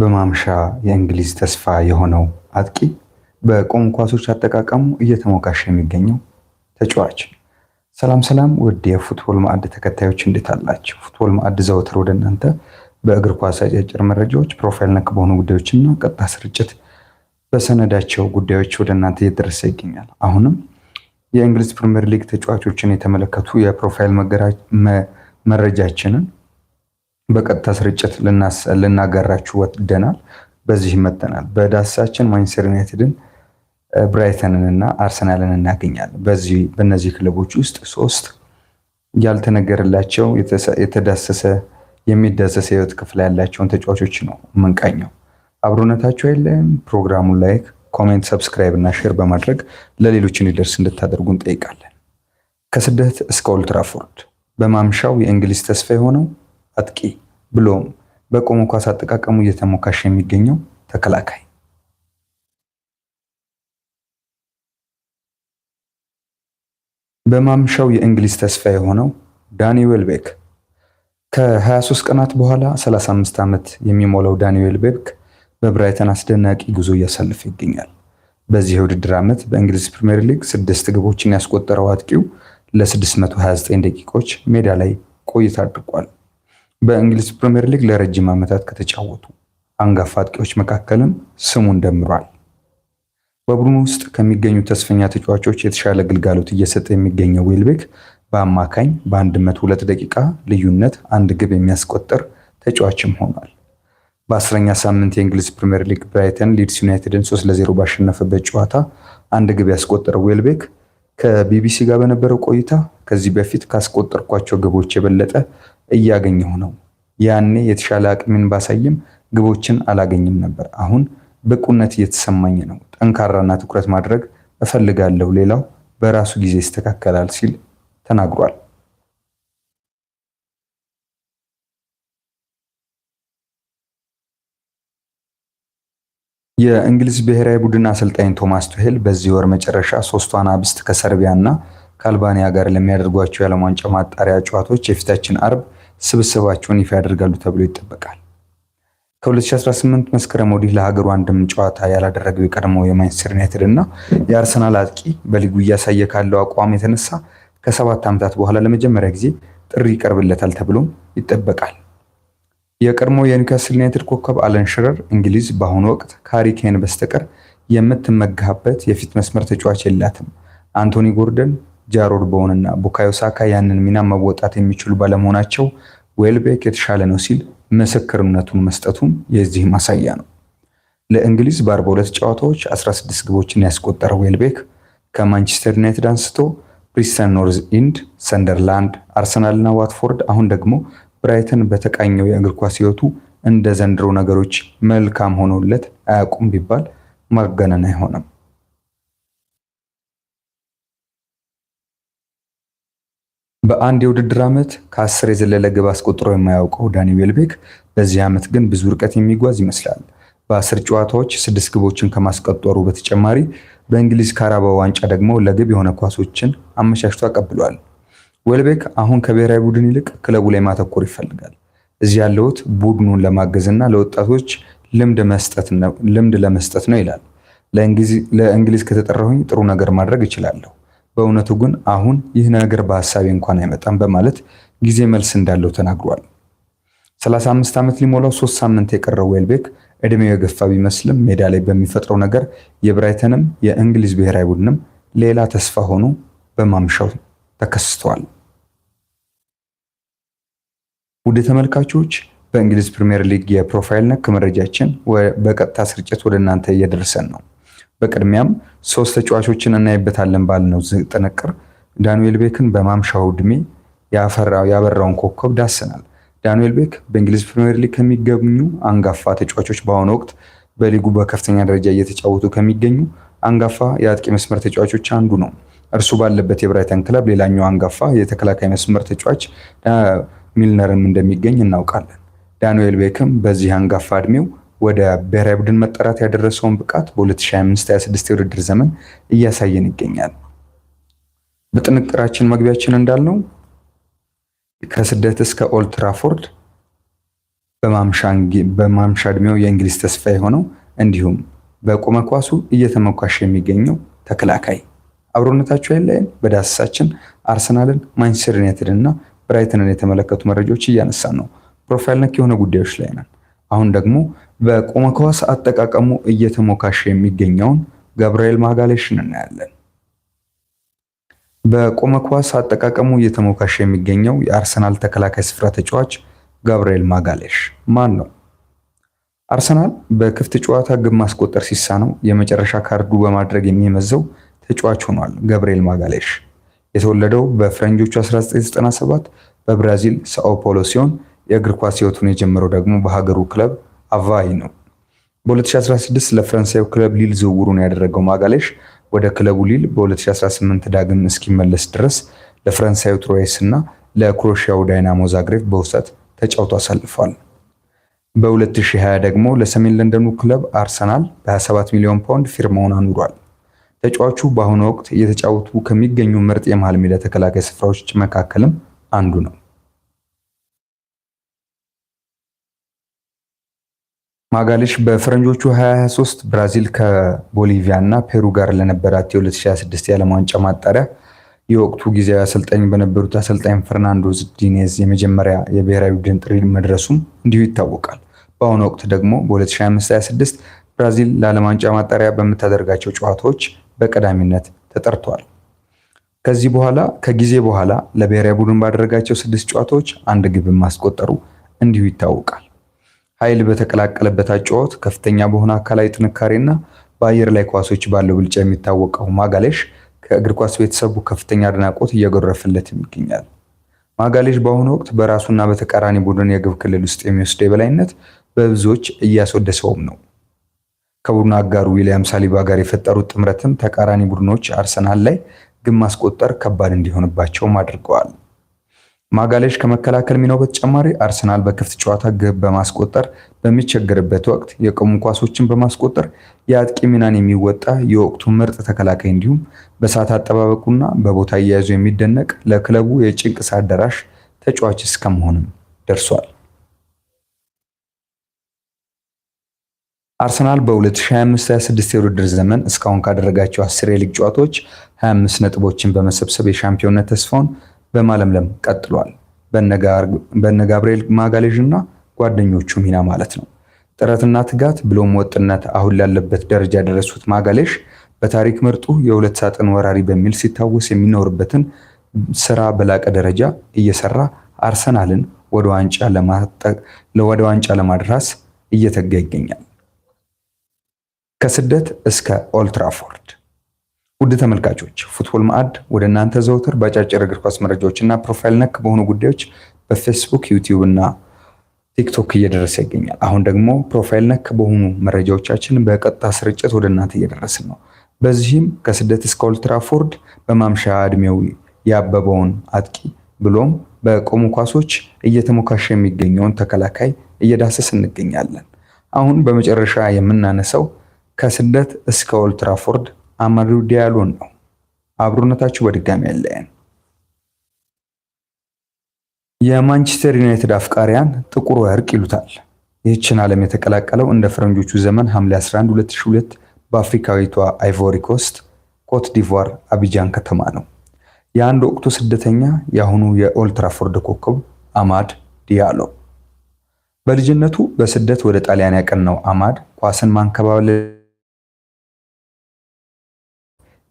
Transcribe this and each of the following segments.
በማምሻ የእንግሊዝ ተስፋ የሆነው አጥቂ በቆም ኳሶች አጠቃቀሙ እየተሞካሸ የሚገኘው ተጫዋች። ሰላም ሰላም፣ ውድ የፉትቦል ማዕድ ተከታዮች እንዴት አላችሁ? ፉትቦል ማዕድ ዘወትር ወደ እናንተ በእግር ኳስ አጫጭር መረጃዎች፣ ፕሮፋይል ነክ በሆኑ ጉዳዮችና ቀጥታ ስርጭት በሰነዳቸው ጉዳዮች ወደ እናንተ እየደረሰ ይገኛል። አሁንም የእንግሊዝ ፕሪምየር ሊግ ተጫዋቾችን የተመለከቱ የፕሮፋይል መረጃችንን በቀጥታ ስርጭት ልናጋራችሁ ወደናል። በዚህ መተናል። በዳሳችን ማንችስተር ዩናይትድን፣ ብራይተንን እና አርሰናልን እናገኛለን። በዚህ በእነዚህ ክለቦች ውስጥ ሶስት ያልተነገረላቸው የተዳሰሰ የሚዳሰስ ህይወት ክፍል ያላቸውን ተጫዋቾች ነው የምንቃኘው። አብሮነታቸው የለም። ፕሮግራሙን ላይክ፣ ኮሜንት፣ ሰብስክራይብ እና ሼር በማድረግ ለሌሎች እንዲደርስ እንድታደርጉ እንጠይቃለን። ከስደት እስከ ኦልትራፎርድ በማምሻው የእንግሊዝ ተስፋ የሆነው አጥቂ ብሎም በቆመ ኳስ አጠቃቀሙ እየተሞካሸ የሚገኘው ተከላካይ በማምሻው የእንግሊዝ ተስፋ የሆነው ዳኒ ዌልቤክ ከ23 ቀናት በኋላ 35 ዓመት የሚሞላው ዳኒ ዌልቤክ በብራይተን አስደናቂ ጉዞ እያሳለፈ ይገኛል። በዚህ የውድድር ዓመት በእንግሊዝ ፕሪምየር ሊግ ስድስት ግቦችን ያስቆጠረው አጥቂው ለ629 ደቂቃዎች ሜዳ ላይ ቆይታ አድርጓል። በእንግሊዝ ፕሪምየር ሊግ ለረጅም ዓመታት ከተጫወቱ አንጋፋ አጥቂዎች መካከልም ስሙን ደምሯል። በቡድኑ ውስጥ ከሚገኙ ተስፈኛ ተጫዋቾች የተሻለ ግልጋሎት እየሰጠ የሚገኘው ዌልቤክ በአማካኝ በ102 ደቂቃ ልዩነት አንድ ግብ የሚያስቆጠር ተጫዋችም ሆኗል። በአስረኛ ሳምንት የእንግሊዝ ፕሪምየር ሊግ ብራይተን ሊድስ ዩናይትድን 3 ለ0 ባሸነፈበት ጨዋታ አንድ ግብ ያስቆጠረው ዌልቤክ ከቢቢሲ ጋር በነበረው ቆይታ ከዚህ በፊት ካስቆጠርኳቸው ግቦች የበለጠ እያገኘሁ ነው። ያኔ የተሻለ አቅሜን ባሳይም ግቦችን አላገኝም ነበር። አሁን ብቁነት እየተሰማኝ ነው። ጠንካራና ትኩረት ማድረግ እፈልጋለሁ። ሌላው በራሱ ጊዜ ይስተካከላል ሲል ተናግሯል። የእንግሊዝ ብሔራዊ ቡድን አሰልጣኝ ቶማስ ቱሄል በዚህ ወር መጨረሻ ሶስቱ አናብስት ከሰርቢያ እና ከአልባንያ ጋር ለሚያደርጓቸው የዓለም ዋንጫ ማጣሪያ ጨዋታዎች የፊታችን አርብ ስብስባቸውን ይፋ ያደርጋሉ ተብሎ ይጠበቃል። ከ2018 መስከረም ወዲህ ለሀገሩ አንድም ጨዋታ ያላደረገው የቀድሞው የማንቸስተር ዩናይትድ እና የአርሰናል አጥቂ በሊጉ እያሳየ ካለው አቋም የተነሳ ከሰባት ዓመታት በኋላ ለመጀመሪያ ጊዜ ጥሪ ይቀርብለታል ተብሎም ይጠበቃል። የቀድሞ የኒውካስል ዩናይትድ ኮከብ አለን ሽረር እንግሊዝ በአሁኑ ወቅት ከሃሪ ኬን በስተቀር የምትመጋበት የፊት መስመር ተጫዋች የላትም። አንቶኒ ጎርደን ጃሮድ ቦወንና ቡካዮ ሳካ ያንን ሚና መወጣት የሚችሉ ባለመሆናቸው ዌልቤክ የተሻለ ነው ሲል ምስክርነቱን መስጠቱም የዚህ ማሳያ ነው። ለእንግሊዝ በ42 ጨዋታዎች 16 ግቦችን ያስቆጠረው ዌልቤክ ከማንቸስተር ዩናይትድ አንስቶ ፕሪስተን ኖርዝ ኢንድ፣ ሰንደርላንድ፣ አርሰናልና ዋትፎርድ አሁን ደግሞ ብራይተን በተቃኘው የእግር ኳስ ህይወቱ እንደ ዘንድሮ ነገሮች መልካም ሆኖለት አያውቁም ቢባል ማጋነን አይሆንም። በአንድ የውድድር ዓመት ከአስር የዘለለ ግብ አስቆጥሮ የማያውቀው ዳኒ ዌልቤክ በዚህ ዓመት ግን ብዙ ርቀት የሚጓዝ ይመስላል። በአስር ጨዋታዎች ስድስት ግቦችን ከማስቆጠሩ በተጨማሪ በእንግሊዝ ካራባ ዋንጫ ደግሞ ለግብ የሆነ ኳሶችን አመቻችቶ አቀብሏል። ዌልቤክ አሁን ከብሔራዊ ቡድን ይልቅ ክለቡ ላይ ማተኮር ይፈልጋል። እዚህ ያለሁት ቡድኑን ለማገዝና ለወጣቶች ልምድ ለመስጠት ነው ይላል። ለእንግሊዝ ከተጠራሁኝ ጥሩ ነገር ማድረግ እችላለሁ። በእውነቱ ግን አሁን ይህ ነገር በሀሳቤ እንኳን አይመጣም በማለት ጊዜ መልስ እንዳለው ተናግሯል። 35 ዓመት ሊሞላው ሶስት ሳምንት የቀረው ዌልቤክ እድሜው የገፋ ቢመስልም ሜዳ ላይ በሚፈጥረው ነገር የብራይተንም የእንግሊዝ ብሔራዊ ቡድንም ሌላ ተስፋ ሆኖ በማምሻው ተከስተዋል። ውድ ተመልካቾች በእንግሊዝ ፕሪምየር ሊግ የፕሮፋይል ነክ መረጃችን በቀጥታ ስርጭት ወደ እናንተ እየደረሰን ነው። በቅድሚያም ሶስት ተጫዋቾችን እናይበታለን ባልነው ጥንቅር ዳንኤል ቤክን በማምሻው ዕድሜ ያበራውን ኮከብ ዳስናል። ዳንኤል ቤክ በእንግሊዝ ፕሪምየር ሊግ ከሚገኙ አንጋፋ ተጫዋቾች በአሁኑ ወቅት በሊጉ በከፍተኛ ደረጃ እየተጫወቱ ከሚገኙ አንጋፋ የአጥቂ መስመር ተጫዋቾች አንዱ ነው። እርሱ ባለበት የብራይተን ክለብ ሌላኛው አንጋፋ የተከላካይ መስመር ተጫዋች ሚልነርም እንደሚገኝ እናውቃለን። ዳንኤል ቤክም በዚህ አንጋፋ እድሜው ወደ ብሔራዊ ቡድን መጠራት ያደረሰውን ብቃት በ2025/26 የውድድር ዘመን እያሳየን ይገኛል። በጥንቅራችን መግቢያችን እንዳልነው ከስደት እስከ ኦልትራፎርድ በማምሻ እድሜው የእንግሊዝ ተስፋ የሆነው እንዲሁም በቁመ ኳሱ እየተመኳሸ የሚገኘው ተከላካይ አብሮነታቸው አይለየን። በዳሰሳችን አርሰናልን፣ ማንቸስተር ዩናይትድን እና ብራይተንን የተመለከቱ መረጃዎች እያነሳን ነው። ፕሮፋይል ነክ የሆነ ጉዳዮች ላይ ነን። አሁን ደግሞ በቆመ ኳስ አጠቃቀሙ እየተሞካሸ የሚገኘውን ገብርኤል ማጋሌሽን እናያለን። በቆመ ኳስ አጠቃቀሙ እየተሞካሸ የሚገኘው የአርሰናል ተከላካይ ስፍራ ተጫዋች ገብርኤል ማጋሌሽ ማን ነው? አርሰናል በክፍት ጨዋታ ግብ ማስቆጠር ሲሳነው የመጨረሻ ካርዱ በማድረግ የሚመዘው ተጫዋች ሆኗል። ገብርኤል ማጋሌሽ የተወለደው በፈረንጆቹ 1997 በብራዚል ሳኦፖሎ ሲሆን የእግር ኳስ ህይወቱን የጀመረው ደግሞ በሀገሩ ክለብ አቫይ ነው። በ2016 ለፈረንሳዩ ክለብ ሊል ዝውውሩን ያደረገው ማጋሌሽ ወደ ክለቡ ሊል በ2018 ዳግም እስኪመለስ ድረስ ለፈረንሳዩ ትሮይስ እና ለክሮሽያው ዳይናሞ ዛግሬብ በውሰት ተጫውቶ አሳልፏል። በ2020 ደግሞ ለሰሜን ለንደኑ ክለብ አርሰናል በ27 ሚሊዮን ፓውንድ ፊርማውን አኑሯል። ተጫዋቹ በአሁኑ ወቅት እየተጫወቱ ከሚገኙ ምርጥ የመሃል ሜዳ ተከላካይ ስፍራዎች መካከልም አንዱ ነው። ማጋሌሽ በፈረንጆቹ 2023 ብራዚል ከቦሊቪያ እና ፔሩ ጋር ለነበራት የ2026 የዓለም ዋንጫ ማጣሪያ የወቅቱ ጊዜያዊ አሰልጣኝ በነበሩት አሰልጣኝ ፈርናንዶ ዲኔዝ የመጀመሪያ የብሔራዊ ቡድን ጥሪ መድረሱም እንዲሁ ይታወቃል። በአሁኑ ወቅት ደግሞ በ2025/26 ብራዚል ለዓለም ዋንጫ ማጣሪያ በምታደርጋቸው ጨዋታዎች በቀዳሚነት ተጠርተዋል። ከዚህ በኋላ ከጊዜ በኋላ ለብሔራዊ ቡድን ባደረጋቸው ስድስት ጨዋታዎች አንድ ግብን ማስቆጠሩ እንዲሁ ይታወቃል። ኃይል በተቀላቀለበት አጨዋወት ከፍተኛ በሆነ አካላዊ ጥንካሬና በአየር ላይ ኳሶች ባለው ብልጫ የሚታወቀው ማጋሌሽ ከእግር ኳስ ቤተሰቡ ከፍተኛ አድናቆት እየጎረፈለት ይገኛል። ማጋሌሽ በአሁኑ ወቅት በራሱና በተቃራኒ ቡድን የግብ ክልል ውስጥ የሚወስድ የበላይነት በብዙዎች እያስወደሰውም ነው። ከቡድኑ አጋሩ ዊሊያም ሳሊባ ጋር የፈጠሩት ጥምረትም ተቃራኒ ቡድኖች አርሰናል ላይ ግን ማስቆጠር ከባድ እንዲሆንባቸውም አድርገዋል። ማጋሌሽ ከመከላከል ሚናው በተጨማሪ አርሰናል በክፍት ጨዋታ ግብ በማስቆጠር በሚቸገርበት ወቅት የቆሙ ኳሶችን በማስቆጠር የአጥቂ ሚናን የሚወጣ የወቅቱ ምርጥ ተከላካይ እንዲሁም በሰዓት አጠባበቁና በቦታ እያያዙ የሚደነቅ ለክለቡ የጭንቅ አዳራሽ ተጫዋች እስከመሆንም ደርሷል። አርሰናል በ2025/26 የውድድር ዘመን እስካሁን ካደረጋቸው አስር የሊግ ጨዋታዎች 25 ነጥቦችን በመሰብሰብ የሻምፒዮንነት ተስፋውን በማለምለም ቀጥሏል። በነ ጋብርኤል ማጋሌዥ እና ጓደኞቹ ሚና ማለት ነው። ጥረትና ትጋት ብሎም ወጥነት አሁን ላለበት ደረጃ ያደረሱት ማጋሌሽ በታሪክ ምርጡ የሁለት ሳጥን ወራሪ በሚል ሲታወስ የሚኖርበትን ስራ በላቀ ደረጃ እየሰራ አርሰናልን ወደ ዋንጫ ለማድረስ እየተጋ ይገኛል። ከስደት እስከ ኦልትራፎርድ ውድ ተመልካቾች ፉትቦል ማዕድ ወደ እናንተ ዘውትር በአጫጭር እግር ኳስ መረጃዎች እና ፕሮፋይል ነክ በሆኑ ጉዳዮች በፌስቡክ ዩቲዩብ እና ቲክቶክ እየደረሰ ይገኛል። አሁን ደግሞ ፕሮፋይል ነክ በሆኑ መረጃዎቻችን በቀጥታ ስርጭት ወደ እናንተ እየደረስን ነው። በዚህም ከስደት እስከ ኦልትራፎርድ በማምሻ እድሜው ያበበውን አጥቂ ብሎም በቆሙ ኳሶች እየተሞካሸ የሚገኘውን ተከላካይ እየዳሰስ እንገኛለን። አሁን በመጨረሻ የምናነሳው ከስደት እስከ ኦልትራፎርድ አማዱ ዲያሎን ነው። አብሮነታችሁ በድጋሚ ያለየን። የማንቸስተር ዩናይትድ አፍቃሪያን ጥቁር ወርቅ ይሉታል። ይህችን ዓለም የተቀላቀለው እንደ ፈረንጆቹ ዘመን ሐምሌ 11 2002 በአፍሪካዊቷ አይቮሪ ኮስት ኮት ዲቯር አቢጃን ከተማ ነው። የአንድ ወቅቱ ስደተኛ የአሁኑ የኦልትራፎርድ ኮከብ አማድ ዲያሎ። በልጅነቱ በስደት ወደ ጣሊያን ያቀናው አማድ ኳስን ማንከባለ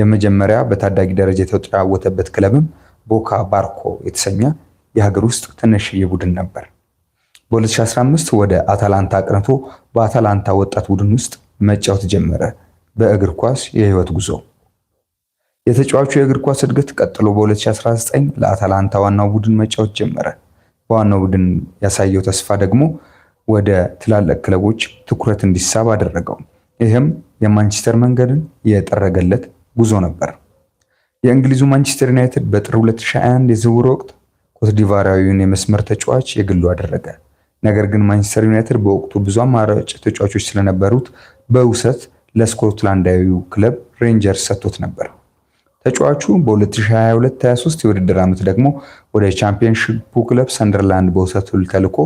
የመጀመሪያ በታዳጊ ደረጃ የተጫወተበት ክለብም ቦካ ባርኮ የተሰኘ የሀገር ውስጥ ትንሽዬ ቡድን ነበር። በ2015 ወደ አታላንታ አቅንቶ በአታላንታ ወጣት ቡድን ውስጥ መጫወት ጀመረ። በእግር ኳስ የህይወት ጉዞ የተጫዋቹ የእግር ኳስ እድገት ቀጥሎ በ2019 ለአታላንታ ዋናው ቡድን መጫወት ጀመረ። በዋናው ቡድን ያሳየው ተስፋ ደግሞ ወደ ትላልቅ ክለቦች ትኩረት እንዲሳብ አደረገው። ይህም የማንቸስተር መንገድን የጠረገለት ጉዞ ነበር። የእንግሊዙ ማንቸስተር ዩናይትድ በጥር 2021 የዝውውር ወቅት ኮትዲቫራዊውን የመስመር ተጫዋች የግሉ አደረገ። ነገር ግን ማንቸስተር ዩናይትድ በወቅቱ ብዙ አማራጭ ተጫዋቾች ስለነበሩት በውሰት ለስኮትላንዳዊው ክለብ ሬንጀርስ ሰጥቶት ነበር። ተጫዋቹ በ2022/23 የውድድር ዓመት ደግሞ ወደ ቻምፒየንሺፑ ክለብ ሰንደርላንድ በውሰት ተልኮ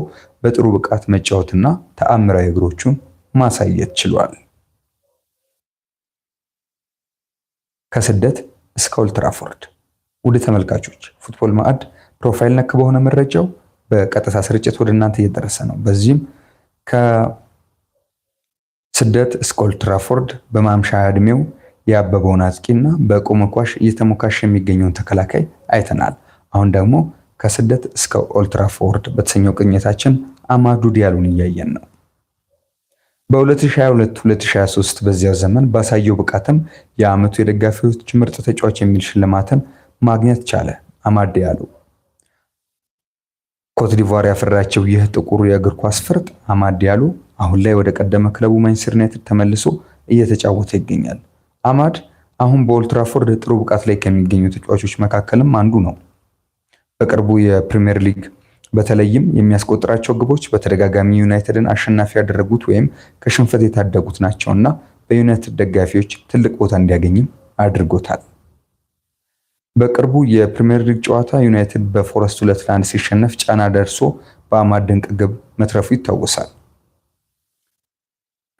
በጥሩ ብቃት መጫወትና ተአምራዊ እግሮቹን ማሳየት ችሏል። ከስደት እስከ ኦልትራፎርድ ትራፎርድ። ውድ ተመልካቾች ፉትቦል ማዕድ ፕሮፋይል ነክ በሆነ መረጃው በቀጥታ ስርጭት ወደ እናንተ እየደረሰ ነው። በዚህም ከስደት እስከ ኦልድ ትራፎርድ በማምሻ እድሜው ያበበውን አጥቂና በቁም ኳሽ እየተሞካሸ የሚገኘውን ተከላካይ አይተናል። አሁን ደግሞ ከስደት እስከ ትራፎርድ በተሰኘው ቅኝታችን አማዱ ዲያሎን እያየን ነው። በ2022-2023 በዚያ ዘመን ባሳየው ብቃትም የዓመቱ የደጋፊዎች ምርጥ ተጫዋች የሚል ሽልማትን ማግኘት ቻለ። አማድ ያሉ ኮትዲቫር ያፈራቸው ይህ ጥቁሩ የእግር ኳስ ፍርጥ አማድ ያሉ አሁን ላይ ወደ ቀደመ ክለቡ ማንቸስተር ዩናይትድ ተመልሶ እየተጫወተ ይገኛል። አማድ አሁን በኦልትራፎርድ ጥሩ ብቃት ላይ ከሚገኙ ተጫዋቾች መካከልም አንዱ ነው። በቅርቡ የፕሪሚየር ሊግ በተለይም የሚያስቆጥራቸው ግቦች በተደጋጋሚ ዩናይትድን አሸናፊ ያደረጉት ወይም ከሽንፈት የታደጉት ናቸውና በዩናይትድ ደጋፊዎች ትልቅ ቦታ እንዲያገኝም አድርጎታል። በቅርቡ የፕሪምየር ሊግ ጨዋታ ዩናይትድ በፎረስት ሁለት ለአንድ ሲሸነፍ ጫና ደርሶ በአማድ ድንቅ ግብ መትረፉ ይታወሳል።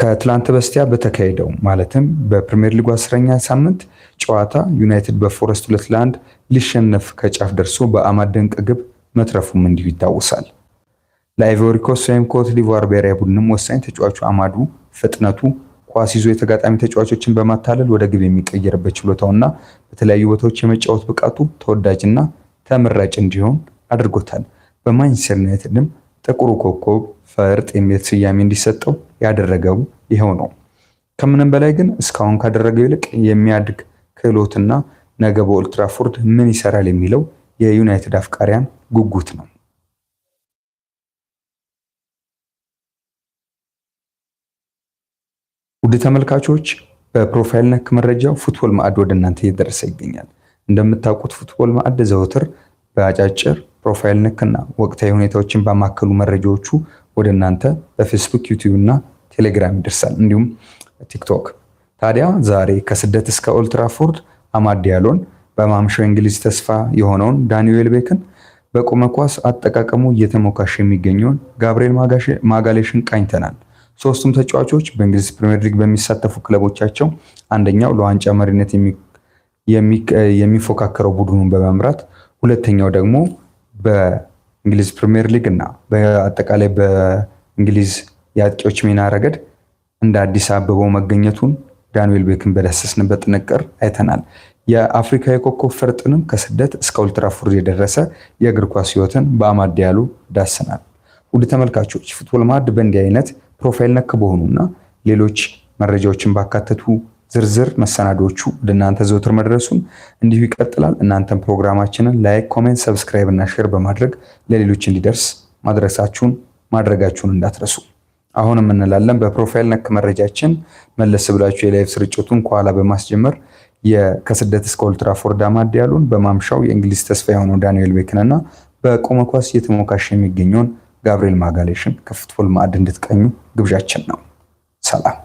ከትላንት በስቲያ በተካሄደው ማለትም በፕሪምየር ሊጉ አስረኛ ሳምንት ጨዋታ ዩናይትድ በፎረስት ሁለት ለአንድ ሊሸነፍ ከጫፍ ደርሶ በአማድ ድንቅ ግብ መትረፉም እንዲሁ ይታወሳል። ለአይቮሪኮስ ወይም ኮት ዲቯር ብሔራዊ ቡድንም ወሳኝ ተጫዋቹ አማዱ ፍጥነቱ ኳስ ይዞ የተጋጣሚ ተጫዋቾችን በማታለል ወደ ግብ የሚቀየርበት ችሎታውና በተለያዩ ቦታዎች የመጫወት ብቃቱ ተወዳጅና ተመራጭ እንዲሆን አድርጎታል። በማንቸስተር ዩናይትድም ጥቁሩ ኮከብ ፈርጥ የሚል ስያሜ እንዲሰጠው ያደረገው ይኸው ነው። ከምንም በላይ ግን እስካሁን ካደረገው ይልቅ የሚያድግ ክህሎትና ነገ በኦልትራፎርድ ምን ይሰራል የሚለው የዩናይትድ አፍቃሪያን ጉጉት ነው። ውድ ተመልካቾች በፕሮፋይል ነክ መረጃው ፉትቦል ማዕድ ወደ እናንተ እየደረሰ ይገኛል። እንደምታውቁት ፉትቦል ማዕድ ዘወትር በአጫጭር ፕሮፋይል ነክና ወቅታዊ ሁኔታዎችን ባማከሉ መረጃዎቹ ወደ እናንተ በፌስቡክ፣ ዩቲዩብ እና ቴሌግራም ይደርሳል እንዲሁም ቲክቶክ። ታዲያ ዛሬ ከስደት እስከ ኦልትራፎርድ አማድ ያሎን በማምሻው እንግሊዝ ተስፋ የሆነውን ዳንኤል ቤክን በቆመ ኳስ አጠቃቀሙ እየተሞካሸ የሚገኘውን ጋብርኤል ማጋሌሽን ቃኝተናል። ሶስቱም ተጫዋቾች በእንግሊዝ ፕሪምየር ሊግ በሚሳተፉ ክለቦቻቸው አንደኛው ለዋንጫ መሪነት የሚፎካከረው ቡድኑን በመምራት ሁለተኛው ደግሞ በእንግሊዝ ፕሪምየር ሊግ እና በአጠቃላይ በእንግሊዝ የአጥቂዎች ሚና ረገድ እንደ አዲስ አበባው መገኘቱን ዳንዌል ቤክን በዳሰስንበት ጥንቅር አይተናል። የአፍሪካ የኮከብ ፈርጥንም ከስደት እስከ ኦልትራፎርድ የደረሰ የእግር ኳስ ህይወትን በአማድ ያሉ ዳስናል። ውድ ተመልካቾች ፉትቦል ማድ በእንዲህ አይነት ፕሮፋይል ነክ በሆኑና ሌሎች መረጃዎችን ባካተቱ ዝርዝር መሰናዶቹ ወደ እናንተ ዘውትር መድረሱን እንዲሁ ይቀጥላል። እናንተም ፕሮግራማችንን ላይክ፣ ኮሜንት፣ ሰብስክራይብ እና ሼር በማድረግ ለሌሎች እንዲደርስ ማድረሳችሁን ማድረጋችሁን እንዳትረሱ። አሁንም እንላለን በፕሮፋይል ነክ መረጃችን መለስ ብላችሁ የላይቭ ስርጭቱን ከኋላ በማስጀመር ከስደት እስከ ኦልድ ትራፎርድ አማድ ያሉን በማምሻው የእንግሊዝ ተስፋ የሆነው ዳንኤል ቤክንና በቆመ ኳስ እየተሞካሸ የሚገኘውን ጋብርኤል ማጋሌሽን ከፉትቦል ማዕድ እንድትቀኙ ግብዣችን ነው። ሰላም።